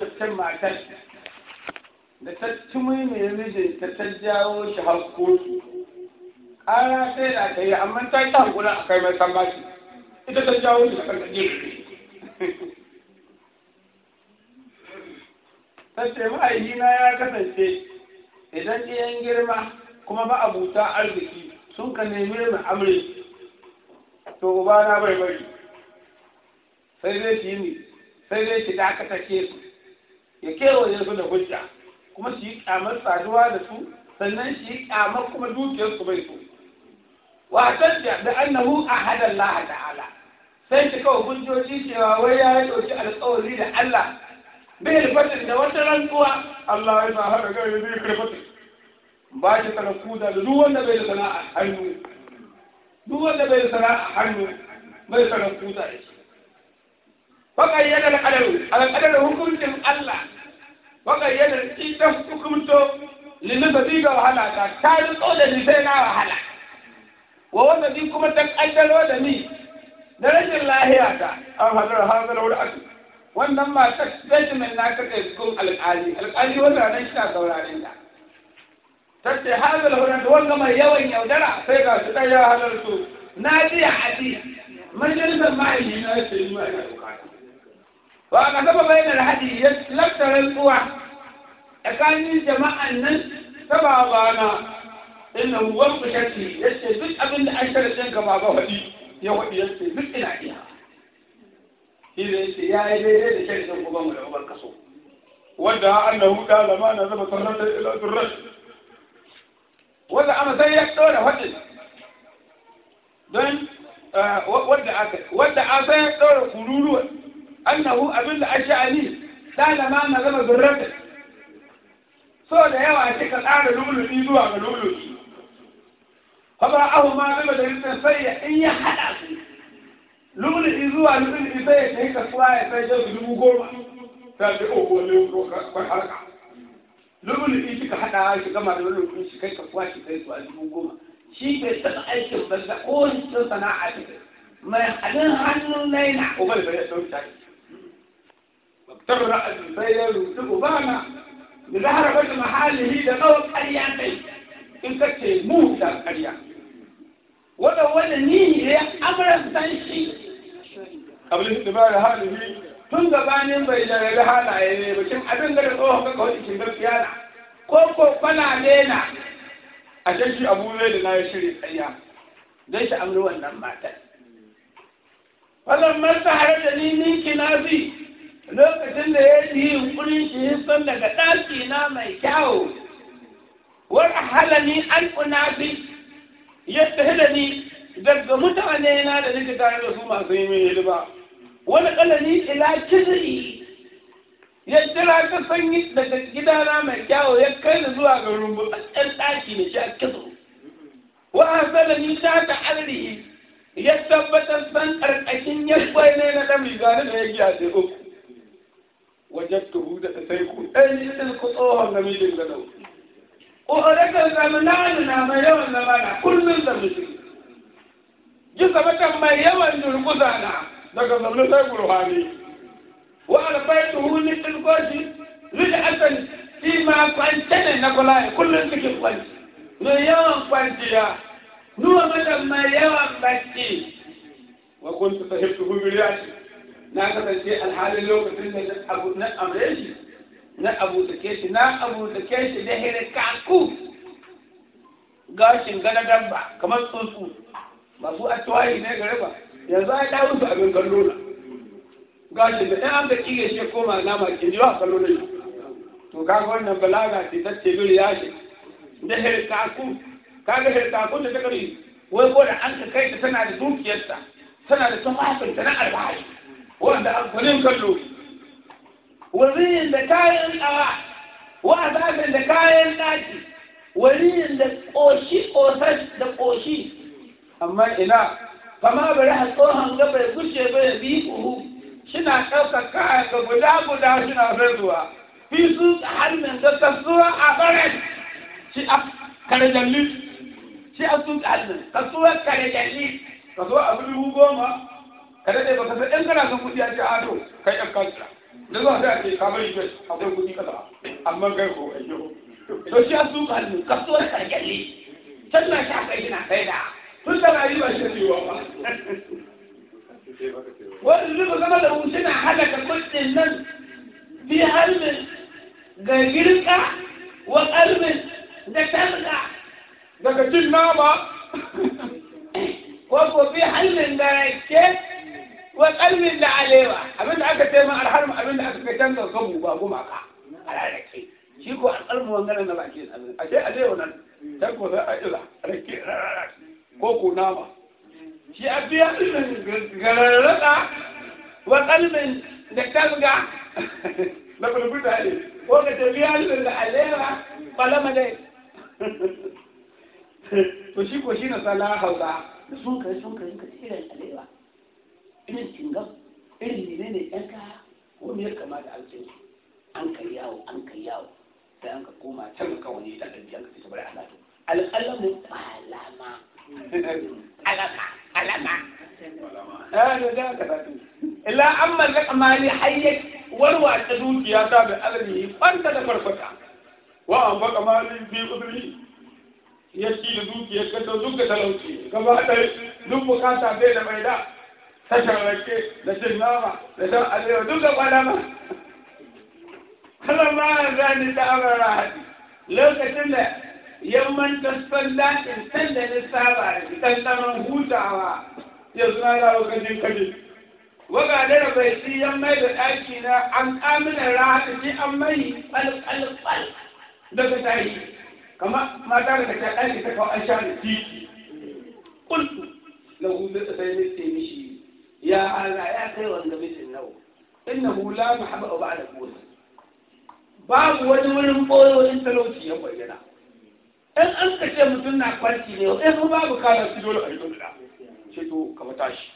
cikin matar da ta cimu mai mijinta ta jawo shi har kotu ƙara sai da ta yi amma ta yi ta hankulan a kai mai sambaci ita ta jawo shi ta karkaje ta ce ma'aikina ya kasance idan ɗiyan girma kuma ba abuta arziki sun ka nemi mai amre to ba na bai bari sai dai shi yi sai dai shi dakatar ke su ya kewa ya zo da hujja kuma shi yi kyamar saduwa da su sannan shi yi kyamar kuma dukiyar su bai so wa tajja da annahu ahada Allah ta'ala sai shi kawo hujjoji cewa wai ya dauki alƙawari da Allah bil fatin da wata rantsuwa Allah ya sa hada gari bil fatin ba shi kana kuda da duk wanda bai da sana'a hannu duk wanda bai da sana'a hannu bai kana kuda da shi وقيد القدر القدر حكم تم الله وقيد الإيدف حكم تو لنفسي وحلا كان قول لسينا وحلا ووانا دي كما تقدر ودني درجة الله هياتا أو هذا هذا لو الأكل wannan matar zai mai na ka kai cikin alƙali alƙali wanda nan shi na sauraren ta ta ce hazal hunan wanda mai yawan yaudara sai ga su ɗaya halar su na ji a aji majalisar ma'aikata na ce yi ma'aikata وأنا كما بين الحدي يتلتر القوة أكان جماعة الناس تبع بانا إنه وقت شكلي يستفيد أبن أشهر سنك ما بوهدي يوهدي يستفيد إلى إياها إذا يا إليه إذا شكل سنك ما بوهدي الكسو ودعا أنه قال ما نزل صلى إلى الرشد ولا أما سيئك دولة وحدي دون آه، ودعا سيئك دولة كلولوه annahu abin da ashe ali dalama na zama zurrata so da yawa ake ka tsara lulubi zuwa ga lulubi haba ahu ma zama da rikin ya in ya haɗa su lulubi zuwa lulubi sai ya kai suwa ya sai jan dubu goma ta ce o ko ne ko ka harka lulluɗi ka haɗa shi gama da lulubi shi kai suwa shi kai su dubu goma shi bai taɓa aikin banza ko wani sana'a ce mai halin hannun na yana ko bai bai ya ɗauki babbar ra'ayi sai ya rutu ubana da zahara bata mahalihi da kawai ƙarya kai in ka ce mu da ƙarya wanda wanda ni ne ya amurastan da ba tun gabanin bai da rabi halaye ne bakin abin da da tsohon wani cikin gaskiya na ko ko kwana ne na a shi abu zai da na ya shirya ƙarya zai shi amri wannan matar. Wannan masa har da ni ninki na zai lokacin da ya yi yunkurin shi hisan daga ɗaki na mai kyawu wani halani an ƙunafi ya tahilani daga mutane na da nake tare da su masu yi mai hidima wani ƙalani ila kizri ya jira ta sanyi daga gidana mai kyawu ya kai da zuwa ga rumbu a ɗan ɗaki da sha kizo wa hasalani ta ta arzihi ya tabbatar san ƙarƙashin yaskwai ne na ɗan riga da ya giya sai uku وجدته فيقول اي القطار النميل البدوي وهذاك الزمن نعم ما نعم، يوم لما نعم، نعم. كل من ذا مثل جزء بكم ما يوم من الغزانا ذاك الزمن لا يقول هاني وعلى بيته نفس القاشي رجعة فيما قلتنا نقولها كل من ذا قلت نيوم قلتيا نوى بكم ما يوم بكي وكنت فهمته بلياتي na kasance alhalin lokacin da na abu na amre shi na abu take shi na abu take shi da hira kaku gashin gana dabba kamar tsuntsu masu atuwayi ne gare ba yanzu ai dawo su abin kallo na gashin da ɗan an ka kige shi koma nama ke jiwa kallo na yi to kaga wannan balaga ce ta ce biri yashi da hira kaku kaga hira kaku da ta kari wai ko da an ka kai ta tana da dukiyarta tana da tumafinta na albashi wanda amfanin kallo waliyin da kayan tsawa wa zafin da kayan ɗaki waliyin da ƙoshi ƙosar da ƙoshi amma ina kama bari a tsohon gabar gushe bai bi kuhu shina ɗaukar kayan ga guda guda shina zuwa fi su hannun da zuwa a barai shi a karajalli shi a sun hannun kasuwar karajalli kasuwar abu dubu goma ka dade ba ka san in kana son kuɗi a ce a ah, kai ɗan kansila da za a ce ka bari bai akwai kuɗi kaza amma kai ko ai yau to shi a sun kalli kasuwar kargali can na sha kai na kai da tun da na yi ba shi ne ba wani zuba zama da wuce na halaka kuɗin nan bi halin ga girka wa kalmin da tarka daga cin nama ko ko bi halin da rake وقلل da alewa abinda aka ce ma alharmu abinda aka kai canza kanmu ba gumaka ala rake shi ko alharmu wangana na bakin abin a ce alewa nan sai ko sai ajila rake ko ko nama shi a biya gararrada wa kalmin da kanga na bulbuta ne ko ka ce biya da alewa balama dai to shi ko shi na sala hausa sun kai sun kai ka tsira alewa irin singam irin ne ne yan kaya ko me ya kama da alƙin an kai yawo an kai yawo sai an ka koma can ka wani da ɗan biyan ka fita bari alatu alƙalamu alama alama alama eh da ka tafi illa amma al-mali hayyat warwa ta dukiya ta bi azmi kwanta da farfata wa an baka mali bi qudri ya ci da dukiya ka to duk talauci gaba ɗaya duk bukata bai da mai da تشربك لسمامة لسمامة اليهدود قلمة kala ma zani da amara hadi lokacin da yamman ta salla in san da ni saba da tantanon hutawa ya suna da lokacin kaji waga da bai ci yammai da ɗaki na an amina rahata ji an mai alƙalƙal da ka tashi kama mata da ta ɗaki ta kawo an sha da titi kuntu na hudu da sai ne mishi يا على يا اخي ولا مش النوم انه لا محبه بعد الموت باب وين وين بقول وين تلوشي يا بينا ان انت كده مدنا كوالتي نيو ايه هو باب قال في دول اي دول شتو كما تاش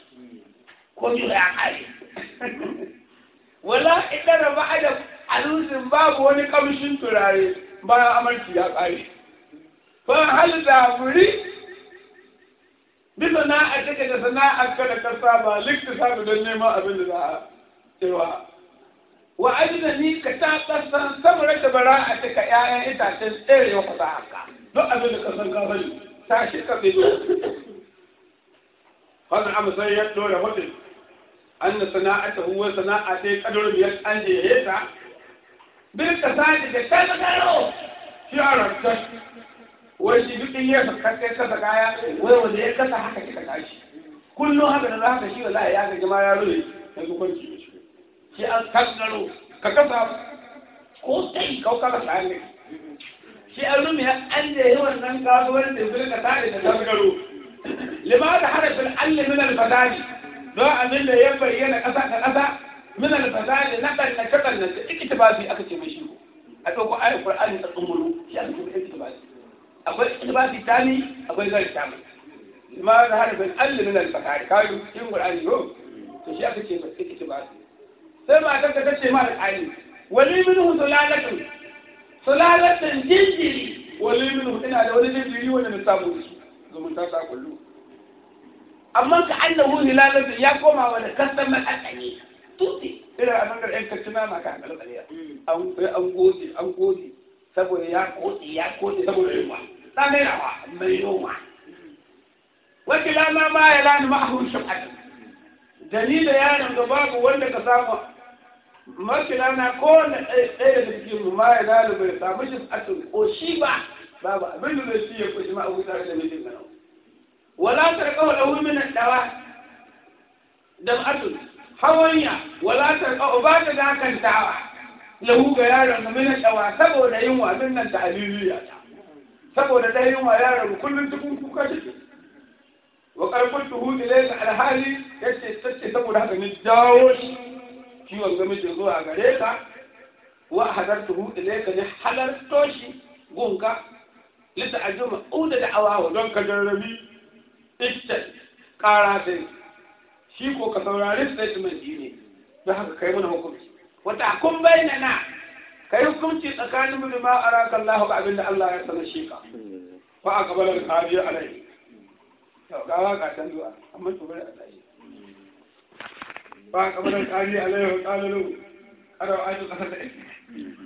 كوجو يا حالي ولا ادرى بعد الوز باب وين كمشين تراي با عملتي يا قاي فهل ذا bi sana'a take da sana'a kada ka saba liktisabi don neman abin da za a cewa wa ajina ni ka ta kasan samar da bara'a a cika ƴaƴan itacen tserewa fasaha ka duk abin da ka san ka sani ta shi ka bido wannan abu sai ya dora hudin an na sana'a ta huwa sana'a ta yi kadar biyar an je ya ta bil kasani da kan garo shi a rantar wai shi duk in yasa kai kasa kaya wai wanda ya kasa haka kika tashi kullum haka da haka shi wallahi ya ga jama'a ya rure yanzu kwanci da shi shi an kasnaro ka kasa ko sai ka ka kasa ne shi an rumi an da yi wannan kasuwar da zai ka tare da kasnaro limada harafin alli min al-fadali don abin da ya bayyana kasa ka kasa min al-fadali na kan na kadan na ikitibasi aka ce mai shi a dauko ayatul qur'ani ta tsumbulu shi an kuma akwai libasi tami akwai gari tami ma da harfin allimin alfakari kayu cikin qur'ani yo to shi aka ce sai kace ba sai ma ta ce ma alqani wali minhu sulalatun sulalatun jinjiri wali minhu ina da wani jinjiri wanda na samu shi domin ta sa kullu amma ka annahu hilalatu ya koma wani kasamar alqani tuti ina a bangar yan kacina ma mm. ka hankali an goje an goje saboda ya kotse ya kotse saboda yunwa samirawa mai noma wakila ma ma ya lani ma'ahun shu'ad dalila nan da babu wanda ka samu makila na kowane ɗaya da cikin mu ma ya lani bai samu shu'atun ko shi ba babu abin da zai shi ya kushi ma'abu tare da mijin nan wala tarqaw lahu min ad-dawa dam'atun hawanya wala tarqaw ba ta kan tawa lahu ga yaron min dawa saboda yin wa min nan ta'aliliya ta saboda ɗaya yunwa ya rabu kullum cikin kuka shi wa ƙarfin tuhu ilai alhali ya ce sace saboda haka ni jawo shi ciwon gamijin zuwa gare ka wa hadartuhu ilai ka ni halarto shi gunka lita ajuma uda da awawa don ka jarrabi ita ƙara sai shi ko ka saurari statement ne don haka kai mana hukunci wata kun bayyana na كيفكمتي تكلم بما أراك الله بعد أن الله يتنشيك فأقبل الحاجة عليه قال قال عليه وقال له أنا رأيت